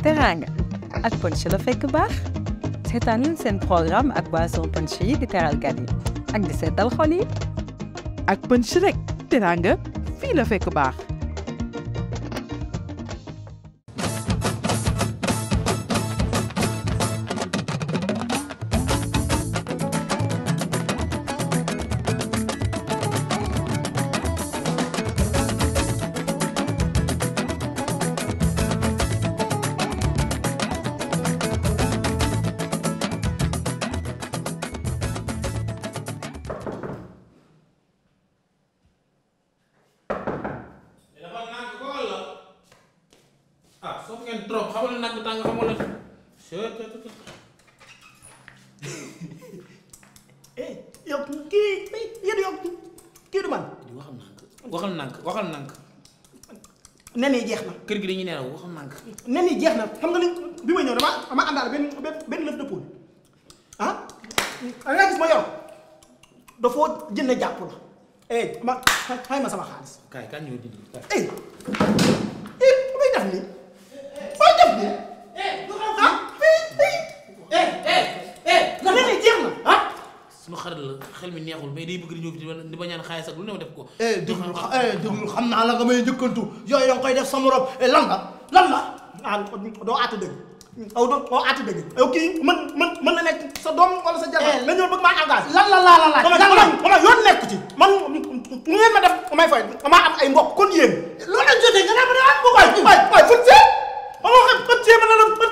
teraanga ak ponche la fekk baax seetaanin seen programme ak boisson ponche yi di teral gan yi ak di seetal xol ak ponche rek teraanga fii la fekk baax. ngeen trop xamal nag tàng xamal la eh yow kii eh, yéen yow kii du man. waxal nànk waxal nànk waxal nen yi jeex na. kër gi dañuy neenaw waxal nànk. nen yi jeex na xam nga ni bi ma ñëw dama dama àndaale benn benn lëf de poule ah nga gis ma yor dafoo jënd jàpp la. eh ma xay ma sama xaalis. kaay kañ ñëw dindi eh eh lu may def nii. xel mi neexul mais day bëgg di ñëw fi di ba ñaan xaalis ak lu def ko eh, déglul déglul eh, xam naa la may njëkkantu yooyu danga koy def sama rob eh, lan la lan la ah doo àtte dëgg aw doo doo àtte dëgg yow kii mën mën mën na nekk sa doom wala sa jabar la ñëw bëgg maa engagé lan la la laaj lan la man yoon nekk ci man mu ngeen ma def may fay maa am ay mbokk kon yéen loolu lañ jotee nga naa ma da am mbokk waay waay waay fën see ma ma xam fën see ma ne la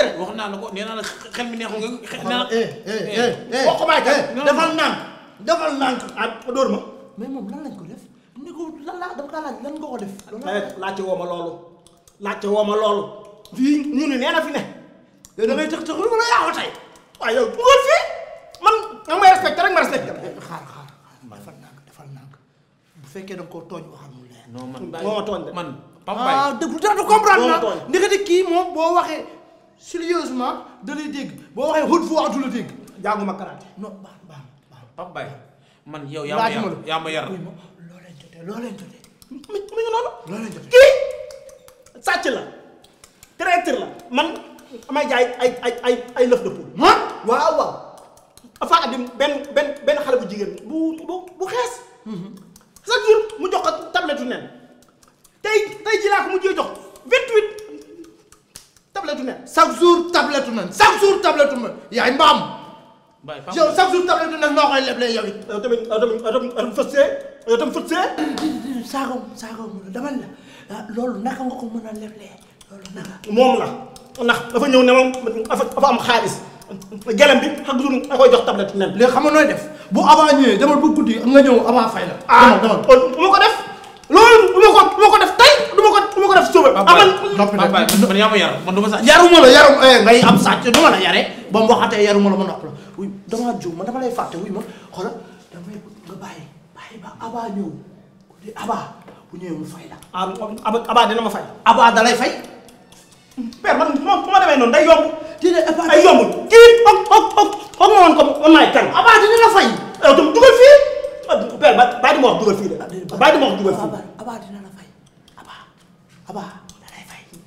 engrais. wax naa la ko nee naa la xel mi neexul nga. xel naa la wax ko bàyyi kat defal nànk defal nànk ak ah, dóor ma. mais moom lan lañ ko def ni ko lan laa dama kaa laaj lan woo ma loolu laajte woo ma loolu. fii ñu ne nee na fi ne. da ngay tëx tëx lu ma la yaaxoo tey. waaye yow bu fii man nga may rek ma respecté. xaar eh, xaar defal nànk defal nànk bu fekkee da nga koo tooñ waxal mu man moo ma tooñ de man. Pape Mbaye ah déglu tax kii moom boo waxee. sérieusement da lay dégg boo waxee haute voix du la dégg jànguma karaté non baax baax baax Pape Baye man yow yaa ma yar yaa ma yar loo leen jotee loo leen jotee mu ngi noonu loo leen jotee kii sàcc la traître la man amay jaay ay ay ay ay lëf de poule waaw waaw dafa addim benn benn benn xale bu jigéen bu bu bu xees mm-hmm. chaque jour mu jox ko tablette nen tey tey ji laa ko mu jee jox vingt-huit tabletu nen chaque jour tabletu nen chaque jour tabletu nen yaay mbaam. mbaay yow chaque jour tabletu nen moo koy leble yow it. yow tamit yow ah, loolu naka ko mën a leble loolu moom la ndax dafa ñëw ne moom dafa am xaalis. gelem bi xag du na koy jox tablette nen. léegi xam nga nooy def bu avant ñëwee demal bu guddi nga ñëw avant fay la. ah demal demal mu ko def. suba. amal noppi nag man yaa ma yar man du ma sax yaruma la yarum eh, ngay am sàcc ba mu waxatee eh, yaruma la ma nopp la wuy damaa juum man dama lay fàtte wuy ma xoolal damay nga bàyyi la. Ah, da lay fay. père man moom fu ma demee noonu day yomb. dina ay yomb kii ok ok ok ok ma eh, dugal fii ah, père bàyyi di dugal fii de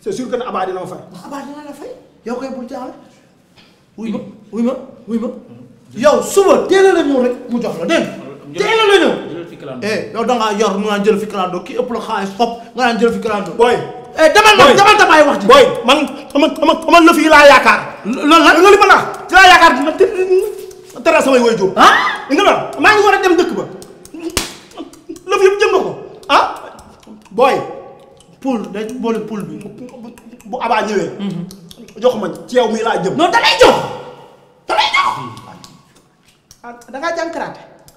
c'est sûr que ne Abba dina ma fay. yow kay bul jaaxle. wuy ma mm-hmm. wuy ma wuy ma. Mm-hmm. yow suba teel a la ñëw rek mu jox la dégg nga. Mm-hmm. teel a la ñëw. jël fi clando eh, yow da ngaa yor mu naan jël fi clando kii ëpp la xaalis xob nga naan jël fi clando. booy eh, demal na demal na bàyyi wax ji. booy ma ah? maa ngi a dem dëkk jëm na ko ah booy. poul day boole poul bi bu abaa ñëwee. jox ma ci mii laa jëm. non ah, da jox da lay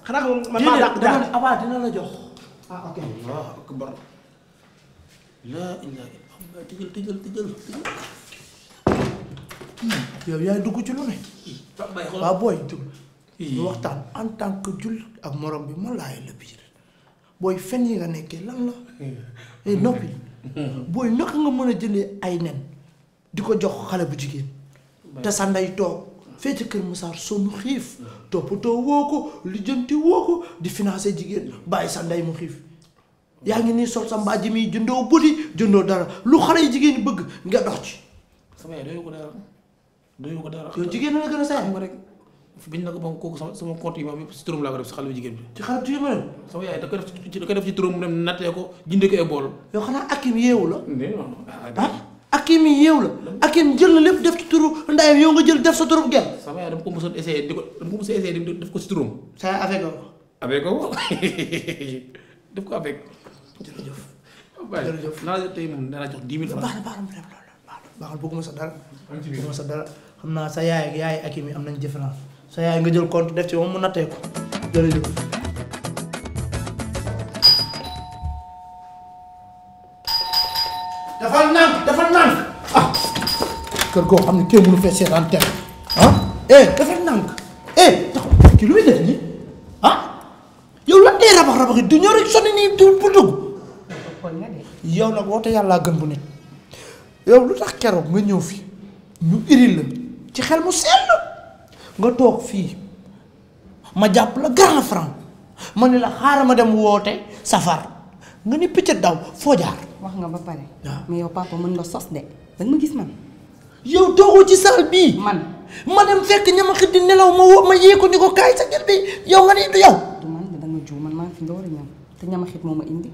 xanaa man maa dàq daal abaa dina la jox. Ah, yaay dugg ci lu ne. waa booy ñu waxtaan en tant que ak morom bi ma laay la biir booy fen yi nga nekkee lan la. Eh, noppi. booy naka nga mën a jëndee ay nen di ko jox xale bu jigéen te sa ndey toog fee ca kër Moussa sonn xiif toppatoo woo ko lijjanti woo ko di financé jigéen bàyyi sa ndey mu xiif yaa ngi nii sol sa mbaa ji mi jëndoo bëri jëndoo dara lu xale yi jigéen bëgg nga dox ci. sama yaay doyoo ko dara doyoo ko dara. yow jigéen na la gën a sa xam nga rek. biñ ko ba ko def si xale bu jigéen bi. ci xale bu jigéen bi sama yaay da koy def ci da koy def ci turam mu dem la. nee ah, ah, ah Akim na lépp def ci turu yow nga jël def sa turu gel. sama yaay dama ko mos a essayé ko si turam. saa yi avec ko. ko def ko avec. jërëjëf. jërëjëf naa la tey moom danaa jox dix mille francs. baax na baax na mu sa dara. bëgguma sa dara xam naa sa yaay yaay Akim yi am nañ différence sa yaay nga jël compte def ci moom mu nattee ko jërëjëf dafa naan dafa ah kër goo xam ne kenn mënu fee seetaan télé ah eh dafa eh taxaw kii lu ah, yow lan du ñëw rek sonni nii du bu dugg yow nag woote yàlla gën bu nit yow lu tax keroog nga ñëw fi ñu iril la ci xel mu sell nga toog fii ma jàpp la grand franc ma ne la xaaral ma dem woote safar nga ni picc daw foo wax nga ba pare. mais yow papa mën nga sos de danga ma gis man. yow toogoo ci salle bii. man ma dem fekk ñama xit di nelaw ma woo ma yee ko ni ko kaay sa jël bi yow nga ni du yow. du man da nga juum man maa fi door a ñam te ñama moo ma indi.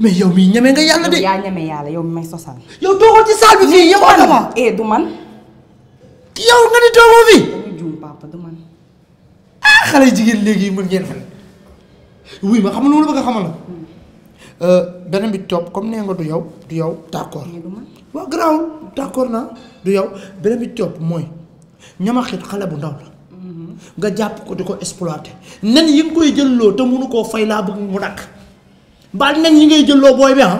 mais yow mii ñeme nga yàlla de. yaa ñeme yàlla yow mi may sosal. yow toogoo ci salle bi fii yow. eh du man. yow nga ni toogoo fii. papa du man. ah xale jigéen léegi mën ngeen fen wuy ma xam nga lu bëgg a xamal la. Hmm. Euh, beneen bi topp comme nee nga du yow du yow d' accord. waaw garaawul d' du yow beneen bi topp mooy ñamaxit xale bu ndaw la. Hmm. nga jàpp ko di ko exploité nen yi nga koy jëlloo te mënu koo fay laa bëgg mu dakk baal nen yi ngay jëlloo booy bi ah.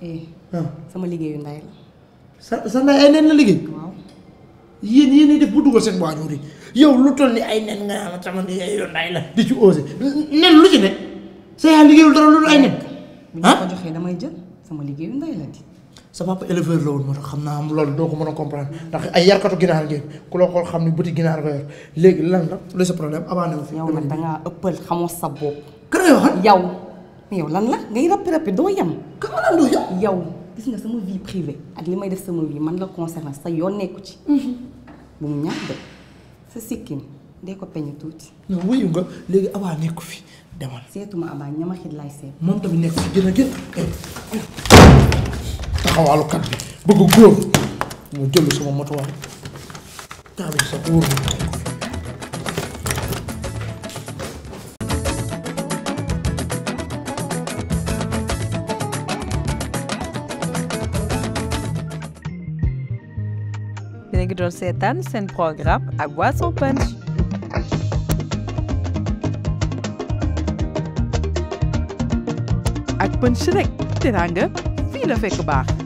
Eh, ah. sama sa sa ay nen la liggéey. yéen yéen de bu dugal seen waajur yi yow lu toll ni ay nen nga xam sama ni ay yondaay la di ci osé nen lu ci ne sa yaa liggéeyul dara loolu ay nen. ah bu ko joxee damay jël sama liggéeyu ndey la di. sa papa éleveur la woon moo tax xam naa am loolu doo ko mën a comprendre ndax ay yarkatu ginaar ngeen ku la xool xam ni buti ginaar nga yor léegi lan la lu sa problème abandé fi. yow nag da ngaa ëppal xamoo sa bopp. kër yow yow lan la ngay ràppi ràppi doo yem. kër lan doo yem yow. gis nga sama vie privée ak li may def sama vie man la concerné sa yoon nekku ci. Mhm. bu mu ñaax de sa sikkin dee ko peñe tuuti. non wuyu nga léegi abaa nekku fi demal. seetuma abaa ñama xit laay seet. moom tamit fi gën a eh, gën. taxawaalukat bi bëgg góor mu jël sama motuwaay. caabi sa wóor Bine que Josetan c'est un programme à Boisson Punch. ak Punch rek teraanga fii la fekk baax.